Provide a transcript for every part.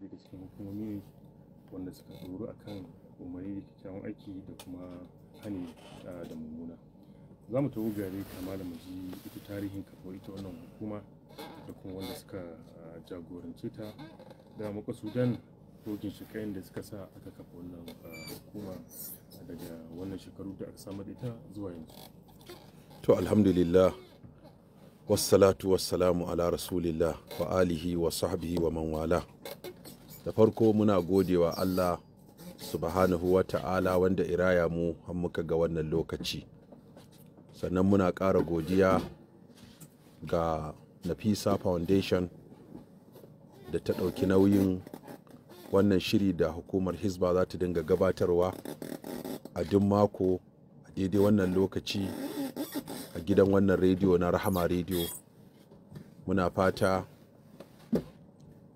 daga cikin hukumomi wanda suka ɗoru a kan umarni da kyakkyawan aiki da kuma hani da mummuna za mu taho gare kama da mu ji ita tarihin kafa ita wannan hukuma da kuma wanda suka jagorance ta da makasudan dokin shekayen da suka sa aka kafa wannan hukuma daga wannan shekaru da aka samar da ita zuwa yanzu to alhamdulillah wasu wasu salamu ala rasulillah wa alihi wa sahbihi wa man wala da farko muna godewa Allah subhanahu wa ta'ala wanda iraya mu har muka ga wannan lokaci sannan muna ƙara godiya ga nafisa foundation da ta ɗauki nauyin wannan shiri da hukumar hisba za ta dinga gabatarwa a duk mako a daidai wannan lokaci a gidan wannan rediyo na rahama rediyo muna fata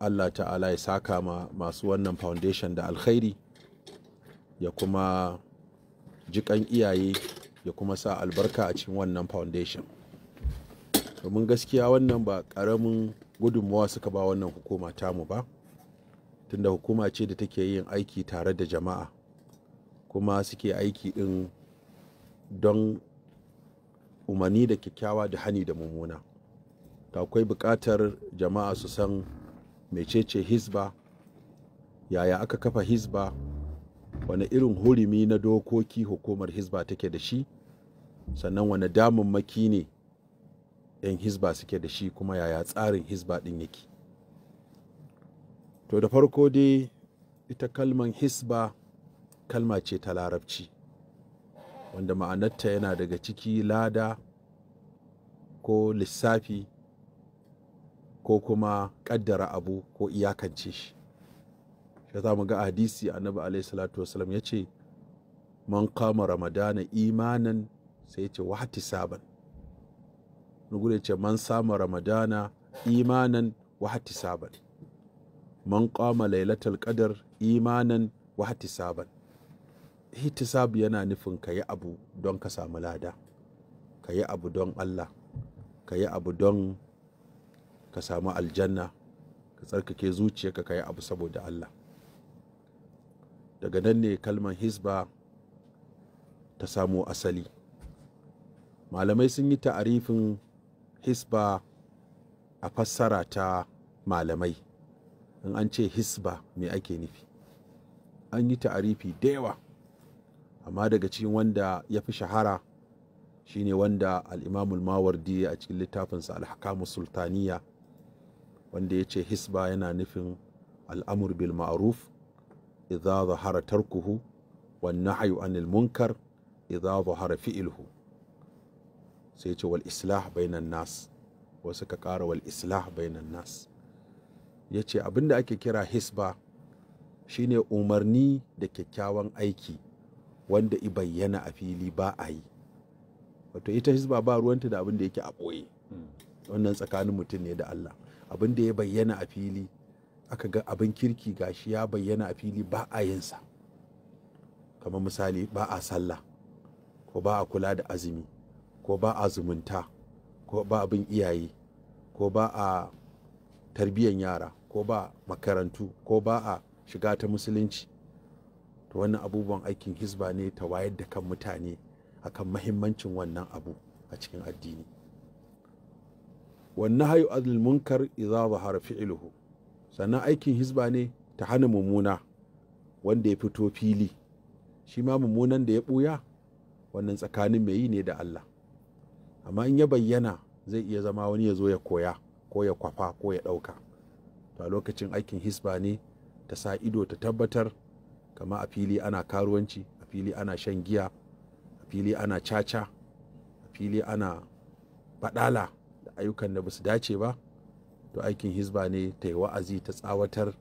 allah ta'ala ya saka ma masu wannan foundation da alkhairi ya kuma jikan iyaye ya kuma sa albarka a cikin wannan foundation domin gaskiya wannan ba ƙaramin gudunmawa suka ba wannan hukuma tamu ba tunda hukuma ce da take yin aiki tare da jama'a kuma suke aiki din don umarni da kyakkyawa da hani da mummuna akwai buƙatar jama'a su san mecece hisba yaya aka kafa hisba wani irin hurumi na dokoki hukumar hisba take da shi sannan wani damammaki ne 'yan hisba suke da shi kuma yaya tsarin hisba ɗin yake to da farko dai ita kalman hisba kalma ce ta larabci wanda ma'anarta yana daga ciki lada ko lissafi ko kuma kaddara abu ko iyakance shi shi za mu ga hadisi annabi alaihi salatu wasalam ya ce man kama ramadana imanan sai ya ce wahati saban nugure ce man sama ramadana imanan wahati saban man kama lailatul qadar imanan wahati saban hitisab yana nufin ka yi abu don ka samu lada ka yi abu don Allah ka yi abu don ka samu aljanna ka tsarkake zuciyarka ka kai abu saboda Allah daga nan ne kalmar hisba ta samu asali malamai sun yi ta'arifin hisba a fassara ta malamai in an ce hisba me ake nufi an yi ta'arifi da yawa amma daga cikin wanda ya fi shahara shine wanda al'imamul mawardi a cikin littafinsa al-hakamu sultaniya wanda ya ce hisba yana nufin al'amur bil ma'aruf idza zahara tarkuhu wannan hayu anil munkar idza zahara fi'luhu sai ce wal islah bainan nas wasu ka ƙara wal islah bainan nas ya ce abinda ake kira hisba shine umarni da kyakkyawan aiki wanda i bayyana a fili ba a yi wato ita hisba ba ruwanta da abin da yake a ɓoye wannan tsakanin mutum ne da Allah abin da ya bayyana a fili aka ga abin kirki ga shi ya bayyana a fili ba a yinsa kamar misali ba a sallah ko ba a kula da azumi ko ba a zumunta ko ba abin iyaye ko ba a tarbiyyan yara ko ba makarantu ko ba a shiga ta musulunci to wannan abubuwan aikin hisba ne ta wayar da kan mutane akan mahimmancin wannan abu a cikin addini. wannan hayu azlil munkar idza zahara sannan aikin hisba ne ta hana mummuna wanda ya fito fili shi ma mummunan da ya buya wannan tsakanin mai yi ne da Allah amma in ya bayyana zai iya zama wani ya zo ya koya ko ya kwafa ko ya ɗauka Ta lokacin aikin hisba ne ta sa ido ta tabbatar kama a fili ana karuwanci a fili ana shan giya a fili ana caca a fili ana baɗala ayyukan da basu dace ba to aikin hizba ne ta yi wa'azi ta tsawatar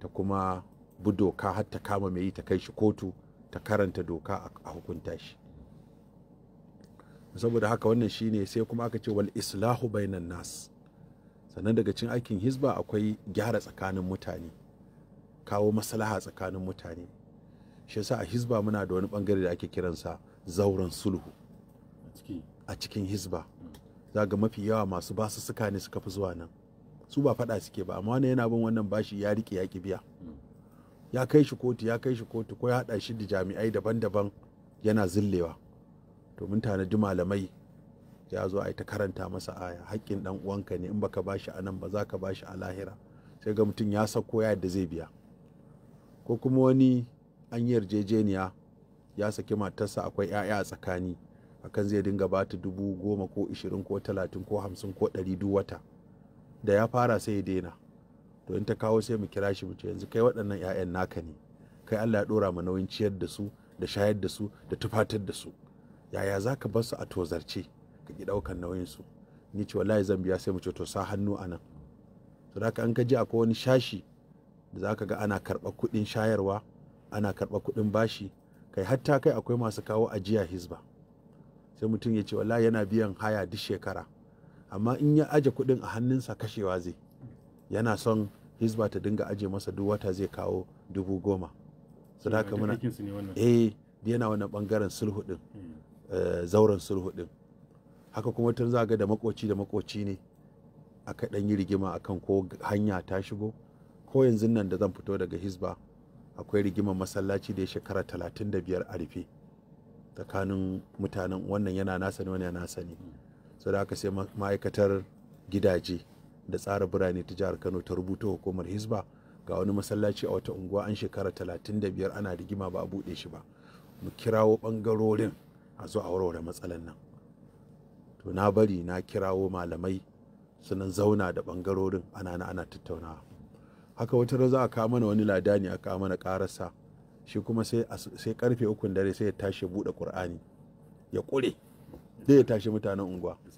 ta kuma bi doka har ta kama mai yi ta kai shi kotu ta karanta doka a hukunta shi saboda haka wannan shine sai kuma aka ce wal islahu bainan nas sannan daga cin aikin hizba akwai gyara tsakanin mutane kawo maslaha tsakanin mutane shi yasa a hizba muna da wani bangare da ake kiransa zauren sulhu a cikin hizba zaga mafi yawa masu basu suka ne suka fi zuwa nan su ba faɗa suke ba amma wani yana bin wannan bashi ya rike ya ki biya ya kai shi kotu ya kai shi kotu ko ya haɗa shi da jami'ai daban-daban yana zillewa to mun tanadi malamai ya zo a yi ta karanta masa aya haƙƙin ɗan uwanka ne in baka bashi a nan ba za ka bashi a lahira sai ga mutum ya sako ya yadda zai biya ko kuma wani an yi yarjejeniya ya saki matarsa akwai 'ya'ya a tsakani akan zai dinga ba ta dubu goma ko ishirin ko talatin ko hamsin ko ɗari duk wata da ya fara sai ya daina to in ta kawo sai mu kira shi mu ce yanzu kai waɗannan 'ya'yan naka ne kai Allah ya ɗora ma nauyin ciyar da su da shayar da su da tufatar da su yaya za ka bar su a tozarce ka ki ɗaukan nauyin su ni ce wallahi zan biya sai mu ce to sa hannu a nan to da an ka ji akwai wani shashi da za ka ga ana karɓar kuɗin shayarwa ana karɓar kuɗin bashi kai hatta kai akwai masu kawo ajiya hizba sai mutum ya ce wallahi yana biyan haya duk shekara amma in ya aje kuɗin a hannunsa kashewa zai yana son hizba ta dinga aje masa duk wata zai kawo dubu goma su da muna eh yana wannan bangaren sulhu din eh, zauren sulhu din haka kuma tun za ga da makoci da makoci ne aka dan yi rigima akan ko hanya ta shigo ko yanzu nan da zan fito daga hizba akwai rigimar masallaci da ya shekara 35 a rufe tsakanin mutanen wannan yana nasa ne wannan yana nasa ne so da aka sai ma'aikatar gidaje da tsara birane ta jihar kano ta rubuta hukumar hisba ga wani masallaci a wata unguwa an shekara talatin da biyar ana rigima ba a buɗe shi ba mu kirawo bangarorin a zo a warware matsalan nan to na bari na kirawo malamai sunan zauna da ɓangarorin ana na ana tattaunawa haka wata za a kawo mana wani ladani a kawo mana ƙararsa shi kuma sai karfe ukun dare sai ya tashi buɗe kur'ani ya ƙure dai ya tashi mutanen unguwa ya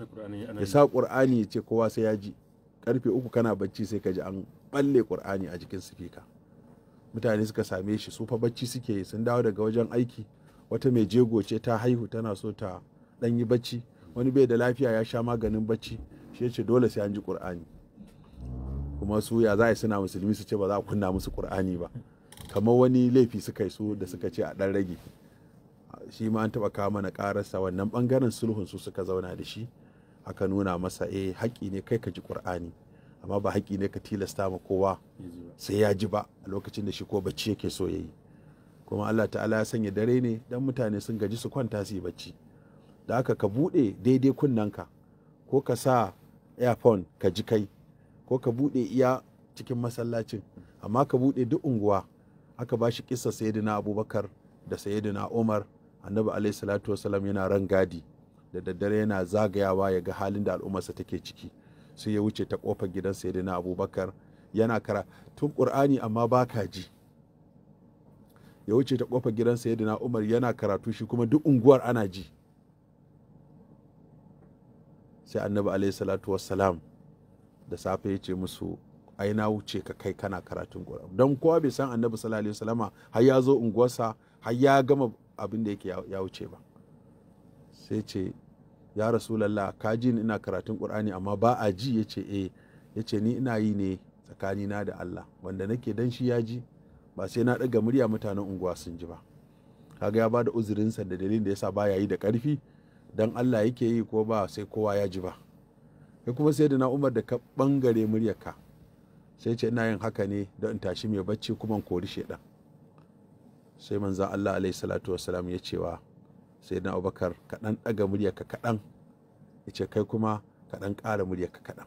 sa kur'ani ya ce kowa sai ya ji karfe uku kana bacci sai ka ji an balle ƙur'ani a jikin sifika mutane suka same shi su fa bacci suke yi sun dawo daga wajen aiki wata mai jego ce ta haihu tana so ta ɗan yi bacci wani bai da lafiya ya sha maganin bacci shi ce dole sai an ji kur'ani kuma su ya za a suna musulmi su ce ba za a kunna musu kur'ani ba kamar wani laifi suka yi su da suka ce a dan rage shi ma an taba kawo mana ƙararsa wannan bangaren sulhun su suka zauna da shi aka nuna masa eh haƙƙi ne kai ka ji ƙur'ani amma ba haƙƙi ne ka tilasta ma kowa sai ya ji ba a lokacin da shi ko bacci yake so yayi kuma Allah ta'ala ya sanya dare ne dan mutane sun gaji su kwanta su yi bacci da haka ka buɗe daidai kunnanka ko ka sa earphone ka ji kai ko ka buɗe iya cikin masallacin amma ka buɗe duk unguwa aka ba shi kisa sayyidina abubakar da sayyidina umar annabi alaihi salatu wasalam yana ran gadi da daddare yana zagayawa ya ga halin da al'ummarsa take ciki sai ya wuce ta kofar gidan sayyidina abubakar yana kara tun qur'ani amma baka ji ya wuce ta kofar gidan sayyidina umar yana karatu shi kuma duk unguwar ana ji sai annabi alaihi salatu wasalam da safe ya ce musu ai na wuce ka kai kana karatun Qur'ani don kowa bai san Annabi sallallahu alaihi wasallama har ya zo unguwarsa har ya gama abin da yake ya wuce ba sai ce ya rasulallah ka ji ni ina karatun Qur'ani amma ba a ji yace eh yace ni ina yi ne tsakani na da Allah wanda nake dan shi ya ji ba sai na daga murya mutanen unguwa sun ji ba kaga ya ba uzurin uzurinsa da dalilin da yasa baya yi da karfi dan Allah yake yi ko ba sai kowa ya ji ba kuma sai da na umar da ka bangare muryarka sai ce ina yin haka ne don in tashi mai bacci kuma in kori shaidan sai manza Allah alaihi salatu wasalam ya cewa sai na abubakar kaɗan ɗaga muryarka kaɗan ya ce kai kuma kaɗan ƙara muryarka kaɗan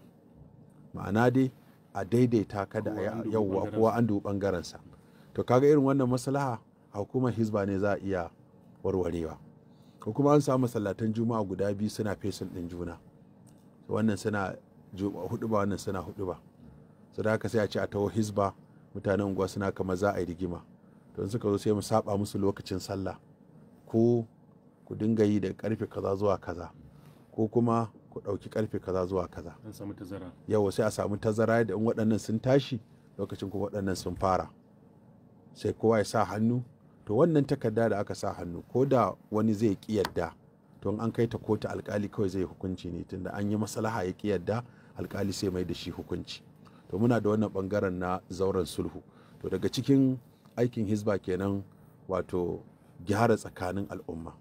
ma'ana dai a daidaita ka da yawwa kowa an dubi ɓangarensa to kaga irin wannan maslaha a hukumar hizba ne za a iya warwarewa ko kuma an samu masallatan juma'a guda biyu suna fesin ɗin juna wannan suna hudu ba wannan suna hudu ba sai da haka sai a ce a taho hizba mutanen unguwa suna kama za a yi rigima don suka zo sai mu saba musu lokacin sallah ko ku dinga yi da karfe kaza zuwa kaza ko kuma ku ɗauki karfe kaza zuwa kaza yau sai a samu tazara da in waɗannan sun tashi lokacin kuma waɗannan sun fara sai kowa ya sa hannu to wannan takarda da aka sa hannu ko da wani zai ki yadda to an kai ta kotu alkali kawai zai hukunci ne tunda an yi maslaha ya ki yadda alkali sai mai da shi hukunci to muna da wannan bangaren na zauren sulhu to daga cikin aikin hizba kenan wato gyara tsakanin al'umma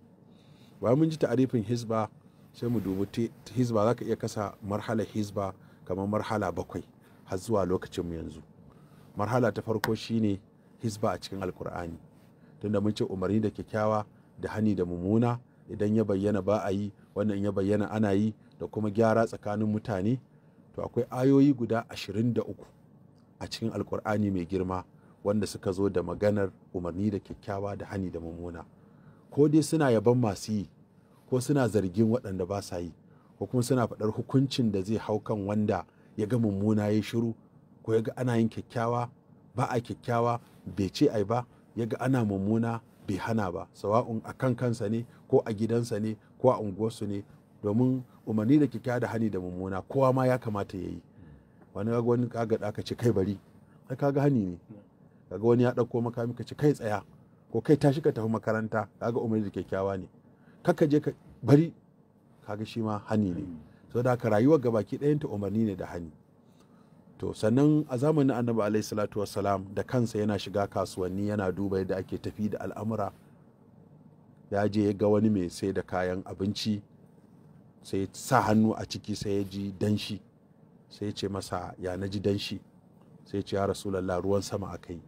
bayan mun ji ta'arifin hizba sai mu dubi hizba za ka iya kasa marhala hizba kamar marhala bakwai har zuwa lokacin mu yanzu marhala ta farko shine hizba a cikin alkur'ani tunda mun ce umarni da kyakkyawa da hani da mummuna idan ya bayyana ba a yi wannan ya bayyana ana yi da kuma gyara tsakanin mutane to akwai ayoyi guda 23 a cikin alkur'ani mai girma wanda suka zo da maganar umarni da kyakkyawa da hani da mummuna ko dai suna yaban masu yi ko suna zargin waɗanda ba sa yi ko kuma suna faɗar hukuncin da zai hau kan wanda ya ga mummuna ya shiru ko ya ga ana yin kyakkyawa ba a kyakkyawa bai ce ai ba ya ga ana mummuna bai hana ba sawa'un a kan kansa ne ko a gidansa ne ko a unguwarsu ne domin umarni da kika da hani da mummuna kowa ma ya kamata ya yi wani kaga wani kaga aka ce kai bari ai kaga hani ne kaga wani ya ɗauko makami ka ce kai tsaya ko kai tashi ka tafi makaranta kaga umarni da kyakkyawa ne kaka je ka bari kaga shi ma hani ne saboda haka rayuwar gabaki ɗayanta umarni ne da hani to sannan a zamanin annabi alaihi salatu wassalam da kansa yana shiga kasuwanni yana duba yadda ake tafi da al'amura ya je ya ga wani mai sai da kayan abinci sai sa hannu a ciki sai ya ji danshi sai ya ce masa ya na ji danshi sai ya ce ya rasulallah ruwan sama a kai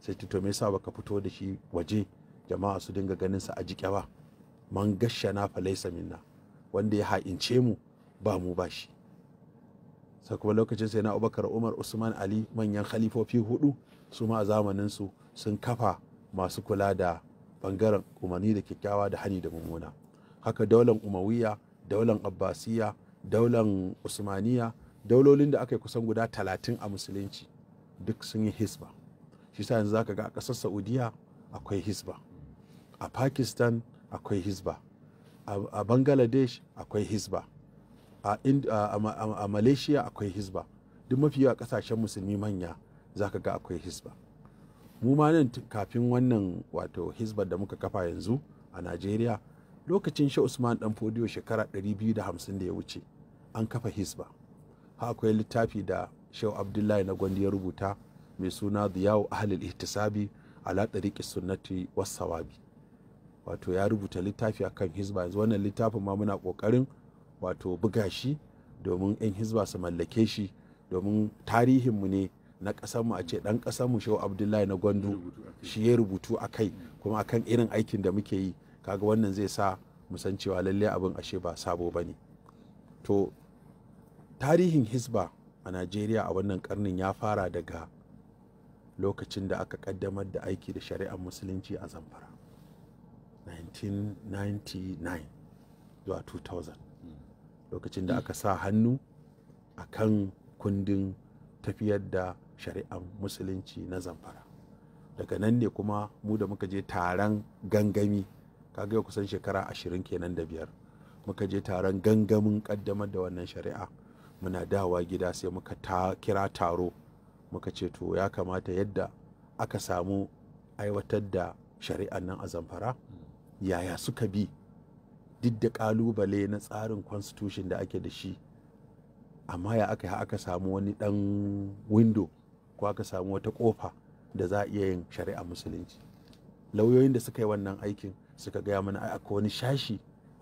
sai ce to me yasa baka fito da shi waje jama'a su dinga ganin sa a jike ba man gasha na falaisa minna wanda ya ha'ince mu ba mu ba shi sai kuma lokacin sai na abubakar umar usman ali manyan khalifofi hudu su ma a zamanin su sun kafa masu kula da bangaren umarni da kyakkyawa da hani da mummuna haka daular umawiya daular abbasiya daular usmaniya daulolin da aka yi kusan guda talatin a musulunci duk sun yi hisba shi sa yanzu zaka ga a ƙasar saudiya akwai hisba a pakistan akwai hisba a bangladesh akwai hisba a malaysia akwai hisba duk mafi yawa ƙasashen musulmi manya zaka ga akwai hisba mu ma nan kafin wannan wato hisba da muka kafa yanzu a najeriya lokacin shi usman dan fodiyo shekara 250 da ya wuce an kafa hisba ha akwai littafi da shehu abdullahi na gwandi ya rubuta mai suna da ziyawu ahlul ihtisabi ala tariqi sunnati wasawabi wato ya rubuta littafi akan hisba yanzu wannan littafin ma muna kokarin wato buga shi domin yan hisba su mallake shi domin tarihinmu ne na ƙasarmu a ce ɗan ƙasarmu shehu abdullahi na gwandu shi ya rubutu a kai kuma akan irin aikin da muke yi kaga wannan zai sa musan cewa lalle abin ashe ba sabo ba ne to tarihin hisba a najeriya a wannan karnin ya fara daga lokacin da aka kaddamar da aiki da shari'ar musulunci a zamfara 1999 zuwa 2000 lokacin da aka sa hannu a kan kundin tafiyar da shari'ar musulunci na zamfara daga nan ne kuma mu da muka je taron gangami kaga yau kusan shekara ashirin kenan da biyar muka je taron gangamin kaddamar da wannan shari'a muna dawa gida sai muka ta kira taro muka ce to ya kamata yadda aka samu aiwatar da shari'an nan a zamfara yaya suka bi duk da kalubale na tsarin constitution da ake da shi amma ya aka aka samu wani dan window ko aka samu wata kofa da za a iya yin shari'a musulunci lauyoyin da suka yi wannan aikin suka gaya mana ai akwai wani shashi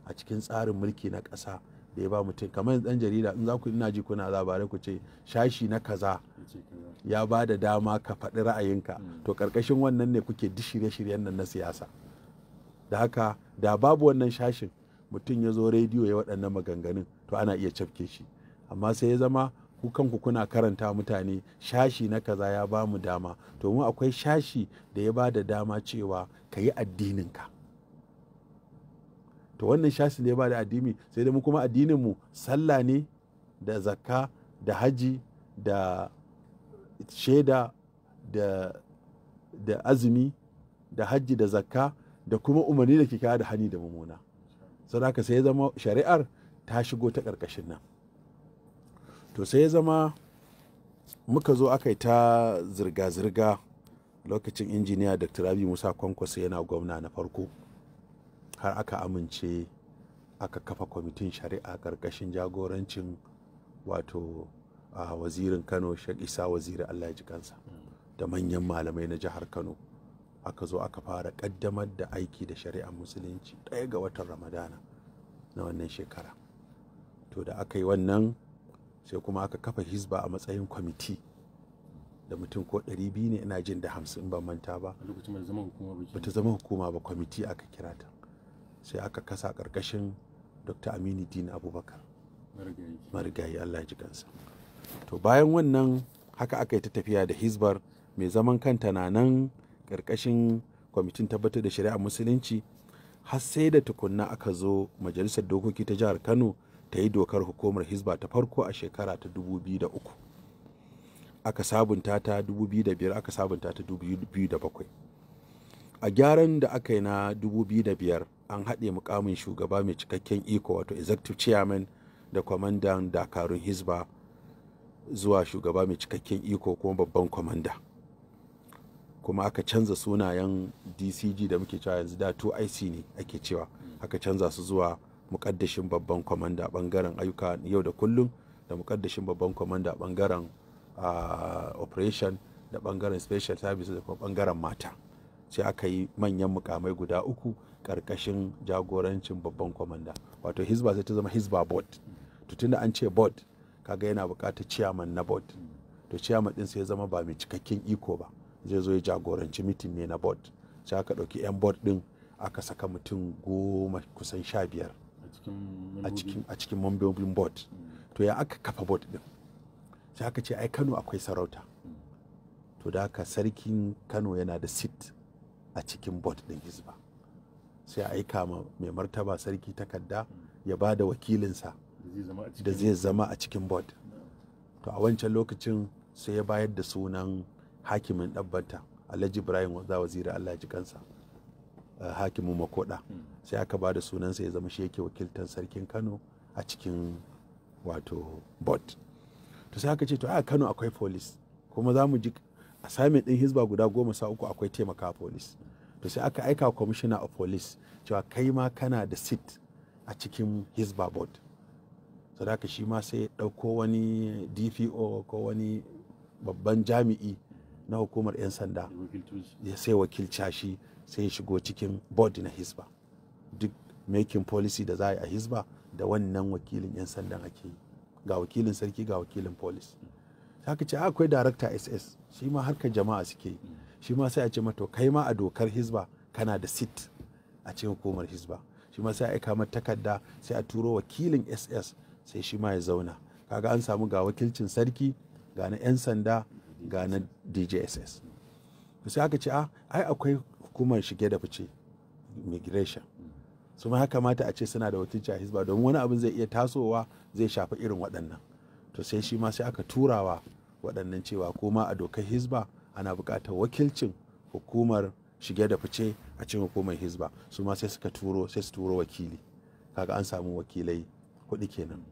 a cikin tsarin mulki na ƙasa da ya ba mutum kamar ɗan jarida in za ku ina ji kuna labarai ku ce shashi na kaza ya ba da dama ka faɗi ra'ayinka to ƙarƙashin wannan ne kuke duk shirye-shiryen nan na siyasa da haka da babu wannan shashin mutum ya zo rediyo ya waɗannan maganganun to ana iya cafke shi amma sai ya zama ku kanku kuna karanta mutane shashi na kaza ya ba mu dama to mu akwai shashi da ya ba da dama cewa ka yi addininka to wannan shashi ne ba da addini sai dai mu kuma addinin mu sallah ne da zakka da haji da shaida da da azumi da haji da zakka da kuma umarni da ke kika da hani da mumuna sadaka sai ya zama shari'ar ta shigo ta ƙarƙashin nan to sai ya zama muka zo aka yi ta zirga-zirga lokacin injiniya dr abi musa kwankwaso yana gwamna na farko har aka amince aka kafa kwamitin shari'a ƙarƙashin jagorancin wato a wazirin kano shek isa waziri allah ji kansa da manyan malamai na jihar kano aka zo aka fara ƙaddamar da aiki da shari'ar musulunci ɗaya ga watan ramadana na wannan shekara to da aka yi wannan sai kuma aka kafa hizba a matsayin kwamiti da mutum ko 200 ne ina jin da hamsin ban manta ba bata zama hukuma ba kwamiti aka kira ta sai aka kasa ƙarƙashin dr aminu dina abubakar marigayi allah ji kansa to bayan wannan haka aka yi ta tafiya da hizbar mai zaman kanta na nan ƙarƙashin kwamitin tabbatar da shari'a musulunci har sai da tukunna aka zo majalisar dokoki ta jihar kano ta yi dokar hukumar hizba ta farko a shekara ta 2003 aka sabunta ta 2005 aka sabunta ta 2007 a gyaran da aka yi na 2005 an haɗe mukamin shugaba mai cikakken iko wato executive chairman da kwamandan dakarun Hisba zuwa shugaba mai cikakken iko kuma babban kwamanda kuma aka canza sunayen dcg da muke cewa yanzu da 2ic ne ake cewa aka canza su zuwa mukaddashin babban kwamanda bangaren ayyuka yau da kullum da mukaddashin babban kwamanda bangaren ah, operation da bangaren special services da kuma bangaren mata sai aka yi manyan mukamai guda uku karkashin jagorancin babban kwamanda wato hizba sai ta zama hizba board to tunda an ce board kaga yana bukatar ciyaman na board to ciyaman din sai ya zama ba mai cikakken iko ba zai zo ya jagoranci mitin ne na board sai aka ɗauki 'yan board din aka saka mutum goma kusan sha biyar a cikin mambobin board to ya aka kafa board din sai aka ce ai kano akwai sarauta to da haka sarkin kano yana da seat. a cikin bot ɗin hizba sai a aika ma mai martaba sarki takarda ya ba da wakilinsa da zai zama a cikin bot to a wancan lokacin sai ya bayar da sunan hakimin dabbata alhaji ibrahim za waziri allah ji kansa eh, hakimin makoda sai aka ba da sunansa ya zama shi yake wakiltar sarkin kano a cikin wato bot to sai aka ce to a kano akwai police kuma za mu ji a samun ɗin hizba guda goma sa uku akwai taimaka police. to sai aka aika commissioner of police cewa kai ma kana da seat a cikin hisba board sadaka shi ma sai ɗauko wani dpo ko wani babban jami'i na hukumar 'yan sanda ya sai wakilci shi sai ya shigo cikin board na hisba duk making policy da za a yi a hisba da wannan wakilin 'yan sandan ake ga wakilin sarki ga wakilin police haka ce ah, akwai director ss shi ma harkar jama'a suke yi shi ma sai a ce mato kai ma a dokar hizba kana da sit a cikin hukumar hizba shi ma sai a aika mata takarda sai a turo wakilin ss sai shi ma ya zauna kaga an samu ga wakilcin sarki ga na 'yan sanda ga na djss sai aka ce ah, ai akwai hukumar shige da fice immigration su ma kamata a ce suna da wakilci a hizba domin wani abin zai iya tasowa zai shafi irin waɗannan to sai shi ma sai aka turawa waɗannan cewa ko a dokar hizba ana buƙatar wakilcin hukumar shige da fice a cikin hukumar hizba su ma sai suka turo sai su turo wakili kaga an samu wakilai kuɗi kenan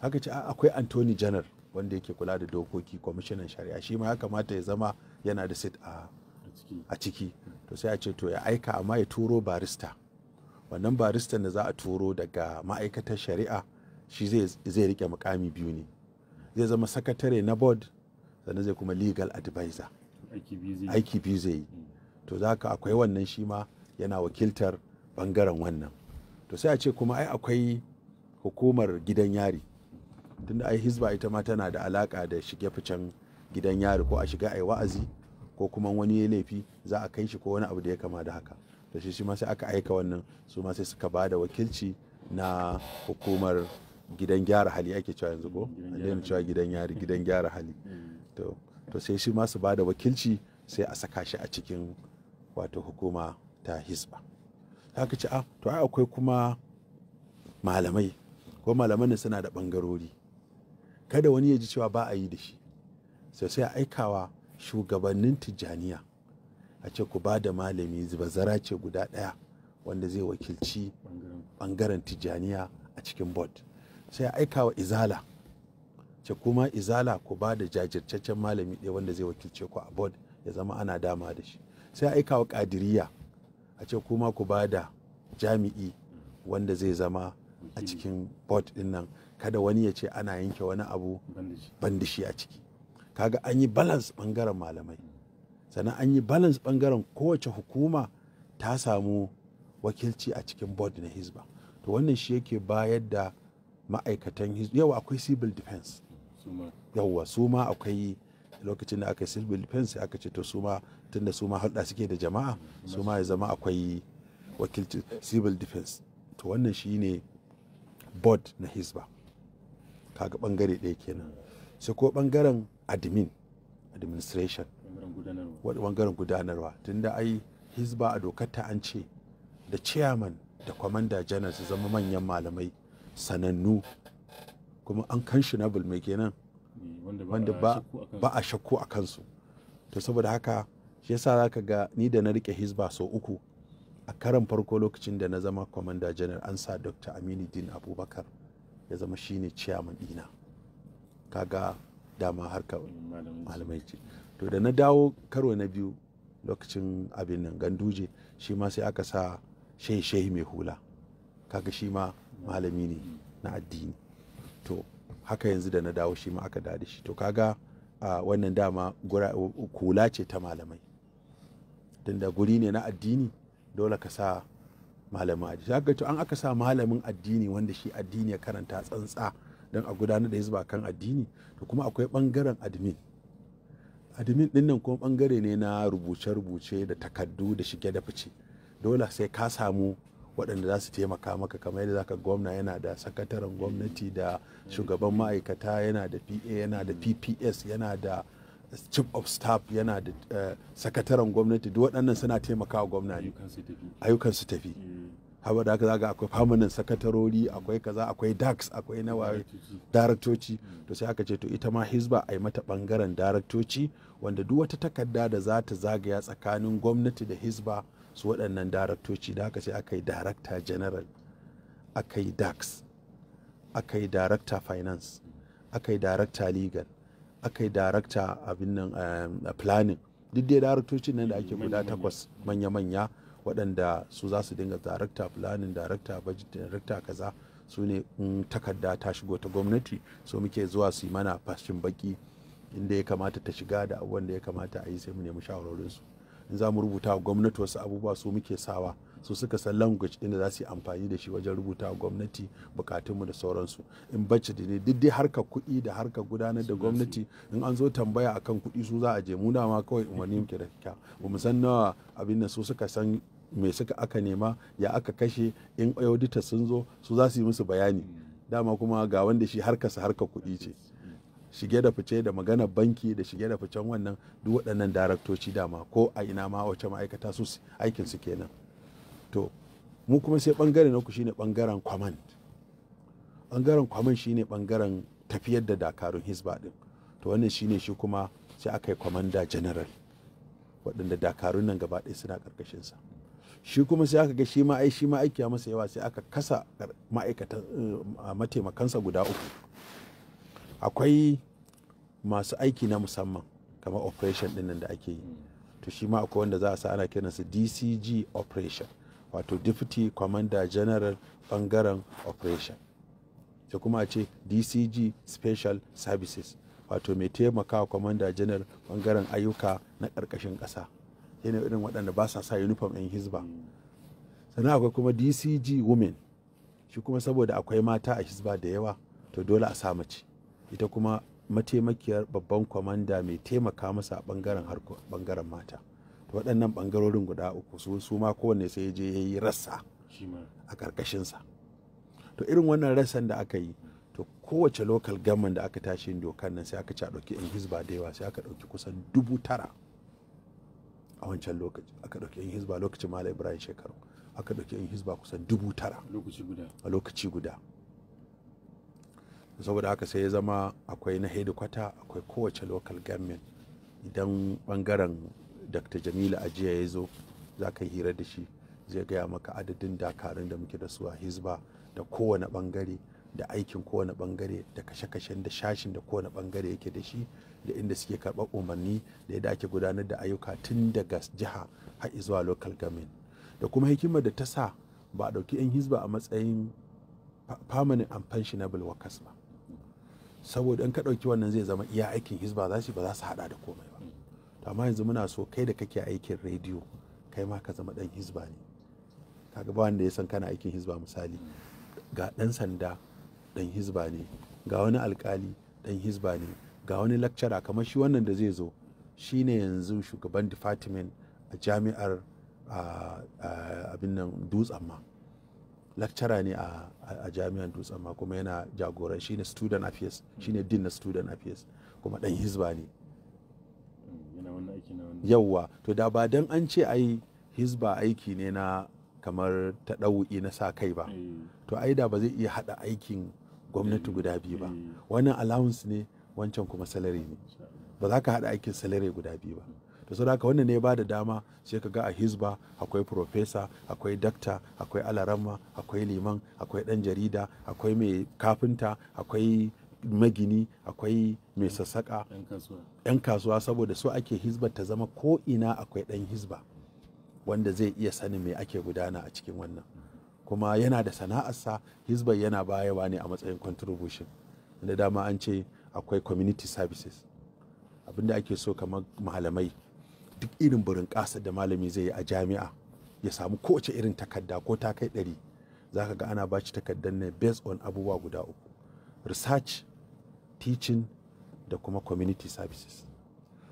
haka ce akwai antony janar wanda yake kula da dokoki kwamishinan shari'a shi ma ya kamata ya zama yana da sit a ciki to sai a ce to ya aika amma ya turo barista wannan barista da za a turo daga ma'aikatar shari'a shi zai rike mukami biyu ne zai zama sakatare na board sannan zai kuma legal advisor aiki biyu zai yi hmm. to za ka akwai wannan shi ma yana wakiltar bangaren wannan to sai a ce kuma ai akwai hukumar gidan yari tunda ai hizba ita ma tana da alaka da shige ficen gidan yari ko a shiga ai wa'azi ko kuma wani ya laifi za a kai shi ko wani abu da ya kama da haka to shi shi ma sai aka aika wannan su ma sai suka ba da wakilci na hukumar gidan gyara hali ake cewa yanzu ko a cewa gidan yari gidan gyara hali hmm. to to sai shi ma su ba da wakilci sai a saka shi a cikin wato hukuma ta hisba haka ce a ah, to ai akwai kuma malamai ko malaman ne suna da bangarori kada wani ya ji cewa ba a yi da shi sai sai a aikawa shugabannin tijjaniya a ce ku ba da malami zara ce guda ɗaya wanda zai wakilci bangaren tijjaniya a cikin board sai a aikawa izala ce kuma izala ku ba da jajirtaccen malami ɗaya wanda zai wakilce ku a board ya zama ana dama da shi sai aika wa kadiriya a ce kuma ku ba da jami'i wanda zai zama a cikin board din nan kada wani ya ce ana yanke wani abu bandishi a ciki kaga an yi balance bangaren malamai sannan an yi balance bangaren kowace hukuma ta samu wakilci a cikin board na hizba to wannan shi yake bayar da ma'aikatan hizba yau akwai civil defense yawwa su akwai lokacin da aka yi civil defense aka ce to su ma tunda su ma hulɗa suke da jama'a mm, su ya zama akwai wakilci civil defense to wannan shi ne board na hisba kaga bangare ɗaya kenan mm. sai ko bangaren admin administration bangaren gudanarwa tunda ai hisba a dokar ta an ce da chairman da kwamanda janar su zama manyan malamai sanannu kuma an kanshinabul mai kenan wanda ba a shakku a kansu to saboda haka shi yasa za ka ga ni da na rike hizba sau uku a karan farko lokacin da na zama kwamanda janar an sa dr aminu din abubakar ya zama shine ciyaman dina kaga dama harka malamai ce to da na dawo karo na biyu lokacin abin nan ganduje shi ma sai aka sa shehi shehi mai hula kaga shi ma malami ne na addini to haka yanzu da na dawo shi ma aka da shi to kaga uh, wannan dama kula ce ta malamai tunda guri ne na addini dole ka sa malamin addini zaka to an aka sa malamin addini wanda shi addini ya karanta tsantsa don a gudanar da hizba kan addini to kuma akwai bangaren admin admin din nan kuma bangare ne na rubuce-rubuce da takardu da shige da fice dole sai ka samu waɗanda za su taimaka maka kamar yadda zaka gwamna yana da sakataren gwamnati da shugaban ma'aikata yana da pa yana da pps yana da chief of staff yana da eh, sakataren gwamnati duk waɗannan suna taimakawa gwamna ne ayyukan su tafi haba eh. da za ga akwai permanent sakatarori akwai kaza akwai dax akwai nawa daraktoci hmm. to sai aka ce to ita ma hizba a yi mata ɓangaren daraktoci wanda duk wata takarda da za ta zagaya tsakanin gwamnati da hizba su waɗannan daraktoci da aka ce aka yi darakta general aka yi dax aka yi darakta finance aka yi darakta legal aka yi darakta abin nan um, planning duk dai daraktocin nan da ake guda takwas manya-manya waɗanda su za su dinga darakta planning darakta budget darakta kaza su ne in takarda ta shigo ta gwamnati so muke zuwa su yi mana fashin baki inda ya kamata ta shiga da abubuwan da ya kamata a yi sai mu nemi shawarorinsu in za mu rubuta gwamnati wasu abubuwa su muke sawa su suka san language ɗin da za su yi amfani da shi wajen rubuta wa gwamnati bukatunmu da sauransu in bacci da ne duk dai harkar kuɗi da harkar gudanar da gwamnati in an zo tambaya akan kuɗi su za a je munama ma kawai wani muke da kya ba mu san nawa abin nan su suka san me suka aka nema ya aka kashe in auditor sun zo su za su yi musu bayani dama kuma ga wanda shi harkarsa harkar kuɗi ce shige da fice da magana banki da shige da ficen wannan duk waɗannan daraktoci dama ko a ina ma wace ma'aikata su aikin su kenan to mu kuma sai bangare na ku shine bangaren command bangaren command shine bangaren tafiyar da dakarun hisba din to wannan shine shi kuma sai aka yi commander general waɗanda dakarun nan gaba ɗaya suna ƙarƙashin sa shi kuma sai aka ga shi ma shi ma aiki ya masa yawa sai aka kasa ma'aikatan eh, mataimakansa guda uku akwai masu aiki na musamman kamar operation ɗinnan da ake yi to shi ma akwai wanda za a sa ana kiran su dcg operation wato deputy commander general bangaren operation da kuma a ce dcg special services wato mai taimakawa commander general bangaren ayyuka na ƙarƙashin ƙasa yana irin waɗanda ba sa sa uniform 'yan hisba sannan akwai kuma dcg women shi kuma saboda akwai mata a hisba da yawa to dole a sa mace ita kuma mataimakiyar babban kwamanda mai taimaka masa a bangaren mata waɗannan bangarorin guda uku su su ma kowanne sai je ya yi rassa a ƙarƙashinsa to irin wannan rassan da aka yi to kowace lokal government da aka tashi yin dokar nan sai aka ci a ɗauki yan hizba da yawa sai aka ɗauki kusan dubu tara a wancan lokaci aka ɗauki yan hizba lokacin Malam ibrahim shekaru aka ɗauki yan hizba kusan dubu tara a lokaci guda saboda haka sai ya zama akwai na hedikwata akwai kowace local government idan bangaren dr Jamilu ajiya ya zo za ka hira da shi zai gaya maka adadin dakarun da muke da su a hizba da kowane bangare da aikin kowane bangare da kashe-kashen da shashin da kowane bangare yake da shi da inda suke karɓar umarni da yadda ake gudanar da ayyuka tun daga jiha har zuwa local government da kuma hikimar da ta sa ba a ɗauki 'yan hisba a matsayin permanent and pensionable workers ba saboda in ka ɗauki wannan zai zama iya aikin hizba za su ba za su haɗa da komai ba to amma yanzu muna so kai da kake aikin rediyo kai ma ka zama ɗan hizba ne kaga ba wanda ya san kana aikin hizba misali ga ɗan sanda ɗan hizba ne ga wani alkali ɗan hizba ne ga wani lakcara kamar shi wannan da zai zo shine yanzu shugaban department a jami'ar abin nan dutsen ma lakcara ne a a jami'an dutsen ma kuma yana jagoran shine student affairs shine din na student affairs kuma dan hizba ne yawwa to da ba dan an ce ai hizba aiki ne na kamar ta na sa kai ba eh. to ai da ba zai iya hada aikin gwamnati eh. guda biyu ba eh. wannan allowance ne wancan kuma salary ne ba za ka hada aikin salary guda biyu ba da saboda haka wannan ne ba da dama sai ka ga a hizba akwai profesa akwai dakta akwai alaramma akwai liman akwai dan jarida akwai mai kafinta akwai magini akwai mai sassaka yan kasuwa saboda su ake hizbar ta zama ko ina akwai dan hizba wanda zai iya sanin me ake gudana a cikin wannan kuma yana da sana'arsa hizbar yana bayawa ne a matsayin contribution da dama an ce akwai community services abinda ake so kamar malamai duk irin burin ƙasa da malami zai yi a jami'a ya samu kowace irin takarda ko ta kai ɗari za ka ga ana ba shi takardar ne based on abubuwa guda uku research teaching da kuma community services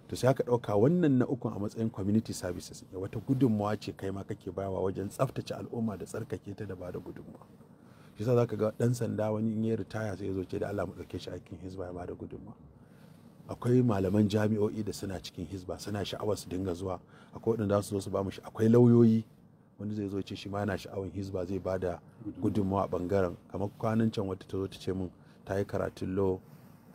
to sai ka ɗauka wannan na uku a matsayin community services Da wata gudunmawa ce kai ma kake bayawa wajen tsaftace al'umma da tsarkake ta da ba da gudunmawa shi sa za ka ga ɗan sanda wani in ya ritaya sai ya zo ce da Allah mu ɗauke shi aikin hizba ya ba da gudunmawa akwai malaman jami'o'i da suna cikin hizba suna sha'awar su dinga zuwa akwai waɗanda su zo su ba mu akwai lauyoyi wanda zai zo ce shi ma yana sha'awar hizba zai ba da gudunmawa a bangaren kamar kwanan can wata ta zo ta ce min ta yi karatun law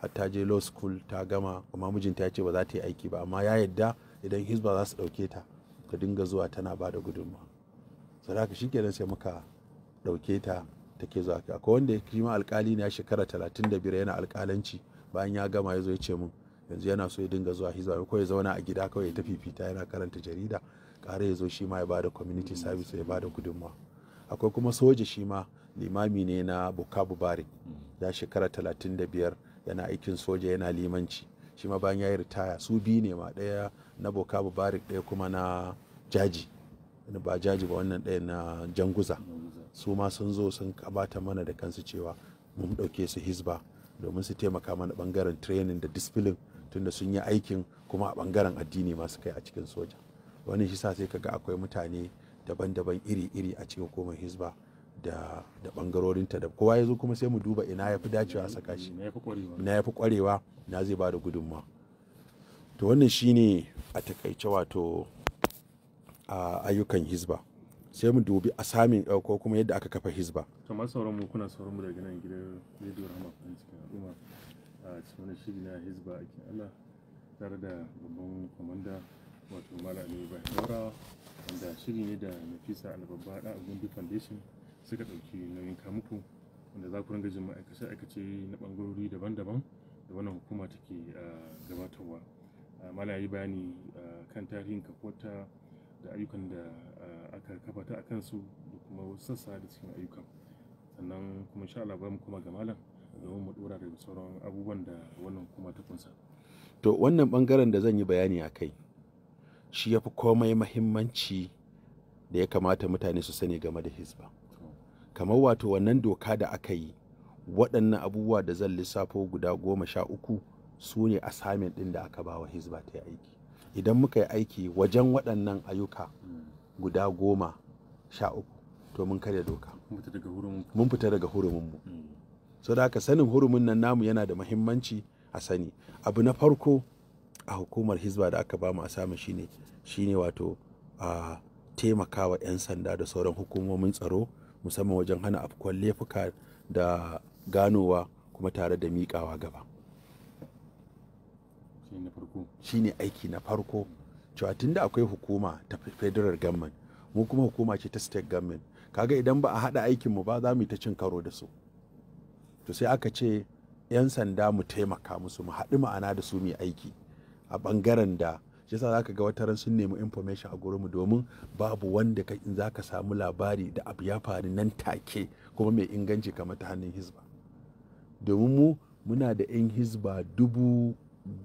har ta je law school ta gama amma mijinta ya ce ba za ta yi aiki ba amma ya yadda idan hizba za su ɗauke ta ta dinga zuwa tana ba da gudunmawa sau haka shi sai muka ɗauke ta take zuwa akwai wanda ya kima alkali ne ya shekara talatin da biyar yana alkalanci bayan ya gama ya zo ya ce min yanzu yana so ya dinga zuwa hizba ko ya zauna a gida kawai ya ta fifita yana karanta jarida ƙara ya zo shi ma ya bada community service ya bada gudunmawa akwai kuma soja shi ma limami ne na bukabu bari ya shekara biyar yana aikin soja yana limanci shi ma bayan ya ritaya su biyu ne ma daya na bukabu bari ɗaya kuma na jaji ba jaji ba wannan ɗaya na janguza su ma sun zo sun kabata mana da kansu cewa mun ɗauke su hisba domin su taimaka mana bangaren training da discipline tunda sun yi aikin kuma a bangaren addini masu kai a cikin soja wani shi sa sai kaga akwai mutane daban-daban iri-iri a cikin hukumar hizba da bangarorin bangarorinta da kowa ya zo kuma sai mu duba ina ya fi dacewa a saka shi na ya fi kwarewa na zai ba da gudunmawa to wannan shi ne a takaice wato a ayyukan hizba sai mu dubi a samin eh, ko kuma yadda aka kafa hisba. kamar kuna sauran mu daga nan a cikin wani shiri na hizba ake allah tare da babban kwamanda wato malami ibrahim daurawa wanda shiri ne da nafisa albabba da agundi foundation suka ɗauki nauyin kamuku wanda za ku ringa jin aikace-aikace na ɓangarori daban-daban da wannan hukuma take gabatarwa malami yi bayani kan tarihin kafota da ayyukan da aka kafa ta a kansu da kuma wasu sassa da cikin ayyukan sannan kuma sha Allah mu kuma ga malam to wannan bangaren da zan yi bayani a kai shi ya fi komai mahimmanci da ya kamata mutane su sani game da hisba kamar wato wannan doka da aka yi waɗannan abubuwa da zan lissafo guda goma sha uku su ne assignment ɗin da aka bawa hisba ta aiki idan muka yi aiki wajen waɗannan ayyuka guda goma sha uku to mun karya doka mun fita daga hurumin mu. Mm. so da haka sanin hurumin nan namu yana da muhimmanci a sani abu na farko a hukumar hizba da aka bamu a samu shine shine wato a taimakawa 'yan sanda da sauran hukumomin tsaro musamman wajen hana afkuwar laifuka da ganowa kuma tare da miƙawa gaba shine aiki na farko cewa tunda akwai hukuma ta federal government mu kuma hukuma ce ta state government kaga idan ba a haɗa aikinmu ba za mu yi ta cin karo da su to sai aka ce 'yan sanda mu taimaka musu mu haɗu ma'ana da su mai aiki a ɓangaren da shi yasa zaka ga wata ran sun nemi information a mu domin babu wanda ka in zaka samu labari da abu ya faru nan take kuma mai inganci kamar ta hannun hizba domin mu muna da 'yan hizba dubu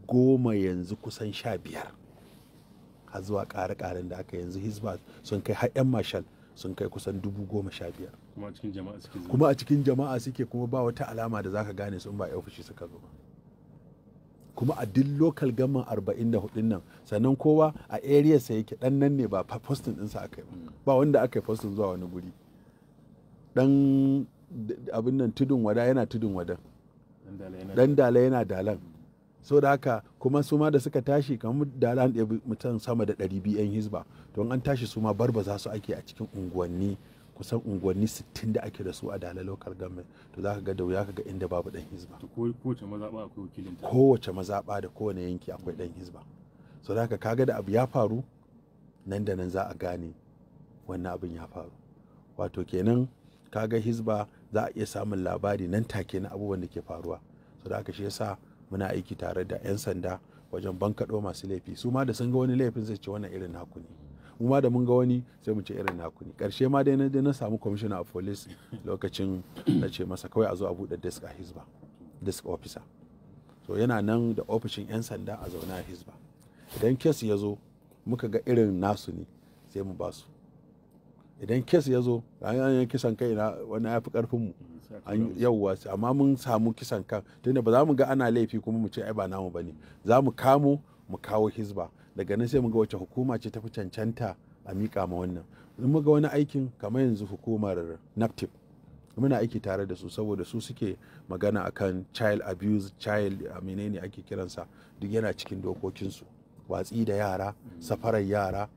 goma yanzu kusan sha biyar har zuwa ƙare-ƙaren da aka yanzu hizba sun kai har 'yan mashal sun kai kusan dubu goma sha biyar kuma a cikin jama'a suke kuma ba wata alama da zaka gane su in ba fushi suka zo ba kuma a duk local gaman 44 nan sannan kowa a area sa yake dan nan ne ba postin ɗinsa aka yi ba hmm. wanda aka yi postin zuwa wani guri dan abin nan tudun wada yana tudun wada dan dala yana dalan so da haka kuma su ma da suka tashi kamar dala an ɗaya mutum sama da 200 'yan hizba don an tashi su ma barba za su ake a cikin unguwanni kusan unguwanni sittin da ake da su a dalar local government to za ka ga da wuya ka ga inda babu dan hizba kowace mazaɓa akwai wakilin da kowane yanki akwai dan hizba so da ka ga da abu ya faru nan da nan za a gane wannan abin ya faru wato kenan kaga hizba za a iya samun labari nan take na abubuwan da ke faruwa so da aka shi yasa muna aiki tare da 'yan sanda wajen bankaɗo masu laifi su ma da sun ga wani laifin zai ce wannan irin naku mu ma da mun ga wani sai mu ce irin naku ne karshe ma dai na samu commissioner of police lokacin na ce masa kawai a zo a buɗe desk a hisba desk officer so yana nan da ofishin 'yan sanda a zauna a hisba idan case ya zo muka ga irin nasu ne sai mu ba su idan case ya zo an yi kisan kai na wani ya fi karfin mu yauwa amma mun samu kisan kan tunda ba za mu ga ana laifi kuma mu ce ai ba namu bane za mu kamo mu kawo Hisba. daga nan sai muga ga wace hukuma ce tafi cancanta a miƙa ma wannan in muga wani aikin kamar yanzu hukumar naptip muna aiki tare da su saboda su suke magana akan child abuse child a menene ake kiransa duk yana cikin dokokinsu watsi da yara mm. safarar yara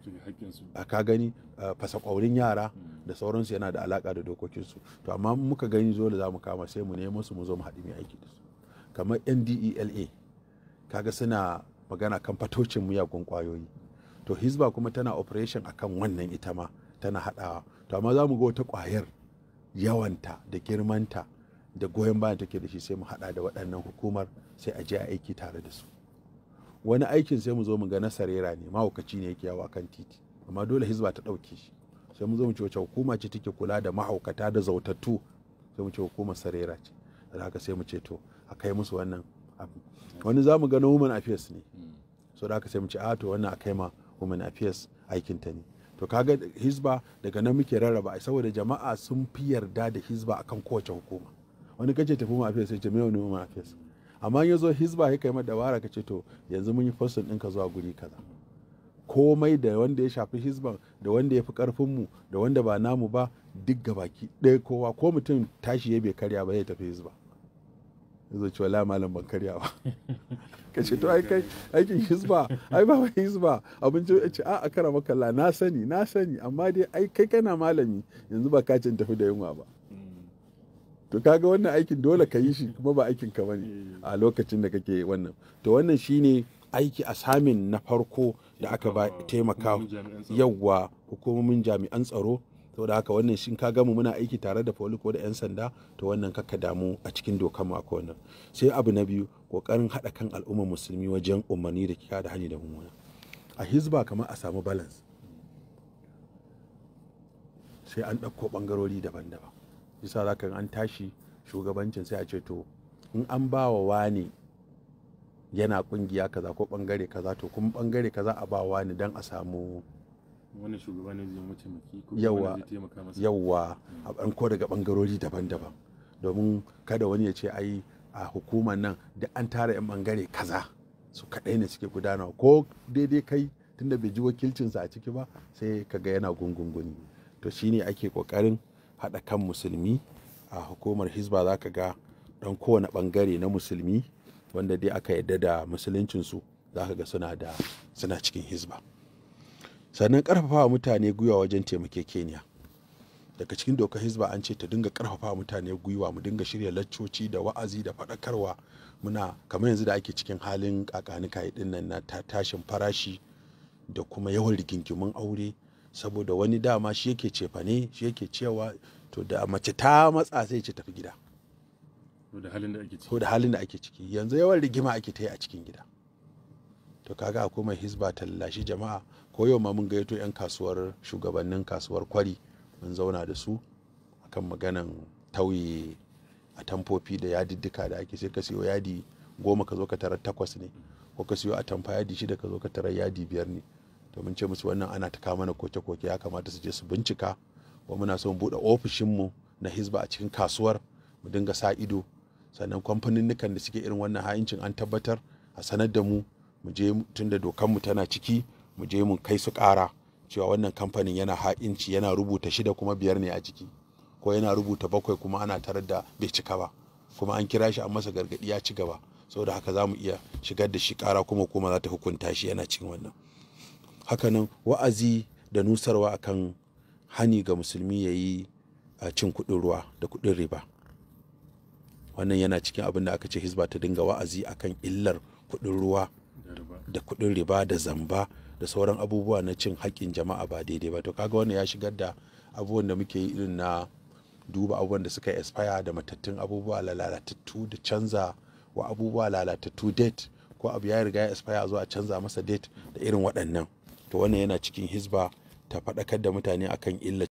a ka gani fasa kwaurin yara mm. da sauransu yana da alaka da dokokinsu to amma muka gani zo da za mu kama sai mu nemo su mu zo mu haɗi mai aiki da su kamar ndela kaga suna magana kan fatocin miyagun kwayoyi to hizba kuma tana operation akan wannan ita ma tana haɗawa to amma za mu ga wata kwayar yawanta da girmanta da goyon bayan take da shi sai mu haɗa da waɗannan hukumar sai a je a aiki tare da su wani aikin sai mu zo mu ga na sarera ne mahaukaci ne yake a kan titi amma dole hizba ta ɗauke shi sai mu zo mu ce wace hukuma ce take kula da mahaukata da zautattu sai mu ce hukumar sarera ce da haka sai mu ce to a kai musu wannan wani za mu gano women affairs ne so da aka sai mu a ah, to wannan a kai ma women affairs aikin ta ne to kaga hizba daga nan muke rarraba saboda jama'a sun fi yarda da hizba akan kowace hukuma wani kace tafi women affairs sai ce me women affairs amma ya zo hizba ya kai ma dabara kace to yanzu mun yi fasin ka zuwa guri kaza komai da wanda ya shafi hizban da wanda ya fi mu da wanda ba namu ba duk gabaki ɗaya kowa ko mutum tashi ya bai karya ba zai tafi hizba zai ce wala malam ban karya ba ka ce to ai aikin hisba ai ba hisba abinci ya ce a a kara makalla na sani na sani amma dai ai kai kana malami yanzu ba ka cin tafi da yunwa ba to kaga wannan aikin dole ka yi shi kuma ba aikin ka bane a lokacin da kake wannan to wannan shine aiki a samin na farko da aka ba taimaka yawwa hukumomin jami'an tsaro da haka wannan shin ka gamu muna aiki tare da foli ko da 'yan sanda to wannan kaka damu a cikin dokar mu akwai wannan sai abu na biyu kokarin haɗa kan al'ummar musulmi wajen umarni da kika da hani da mummuna a hizba kamar a samu balance sai an ɗauko ɓangarori daban-daban bisa za ka an tashi shugabancin sai a ce to in an ba wa wani yana kungiya kaza ko bangare kaza to kuma bangare kaza a ba wani don a samu wani shugaba ne zai mataimaki ko yawa yawa daga bangarori daban-daban domin kada wani ya ce ai a hukumar nan da an tara yan bangare kaza su kadai ne suke gudanawa ko daidai kai tunda bai ji wakilcinsa a ciki ba sai kaga yana gungunguni to shine ake kokarin haɗa kan musulmi a hukumar hizba za ka ga ɗan kowane bangare na musulmi wanda dai aka yarda da musuluncinsu za ka ga suna da suna cikin hizba. sannan karfafa mutane gwiwa wajen taimake Kenya. daga cikin dokar hizba an ce ta dinga karfafa mutane gwiwa mu dinga shirya laccoci da wa'azi da faɗakarwa muna kamar yanzu da ake cikin halin kakanika din nan na tashin farashi da kuma yawan rigingimin aure saboda wani dama shi yake cefane shi yake cewa to da mace ta matsa sai ce tafi gida da halin da ake ciki yanzu yawan rigima ake ta yi a cikin gida to kaga akwai mai hizba tallashi jama'a ko yau ma mun gayyato 'yan kasuwar shugabannin kasuwar kwari mun zauna da su akan maganan tauye a tamfofi da yadiddika da ake sai ka siyo yadi goma ka zo ka tarar takwas ne ko ka siyo a tamfa yadi shida ka zo ka tarar yadi biyar ne to mun ce musu wannan ana ta mana koke-koke ya kamata su je su bincika ko muna son buɗe mu na hizba a cikin kasuwar mu dinga sa ido sannan kamfaninnikan da suke irin wannan ha'incin an tabbatar a sanar da mu mu je tunda da mu tana ciki mu je mu kai su ƙara cewa wannan kamfanin yana ha'inci yana rubuta shida kuma biyar ne a jiki ko yana rubuta bakwai kuma ana tarar da bai cika ba kuma an kira shi an masa gargaɗi ya ci gaba saboda haka za mu iya shigar da shi ƙara kuma kuma za ta hukunta shi yana cin wannan hakanan wa'azi da nusarwa akan hani ga musulmi ya yi a cin kuɗin ruwa da kuɗin riba wannan yana cikin abin da aka ce hizba ta dinga wa'azi akan illar kuɗin ruwa da kuɗin riba da zamba da sauran abubuwa na cin haƙƙin jama'a ba daidai ba to kaga wannan ya shigar da abubuwan da muke yi irin na duba abubuwan da suka expire da matattun abubuwa lalatattu da canza wa abubuwa lalatattu date ko abu ya riga ya expire a zo a canza masa date da irin waɗannan to wannan yana cikin hisba ta faɗakar da mutane akan illa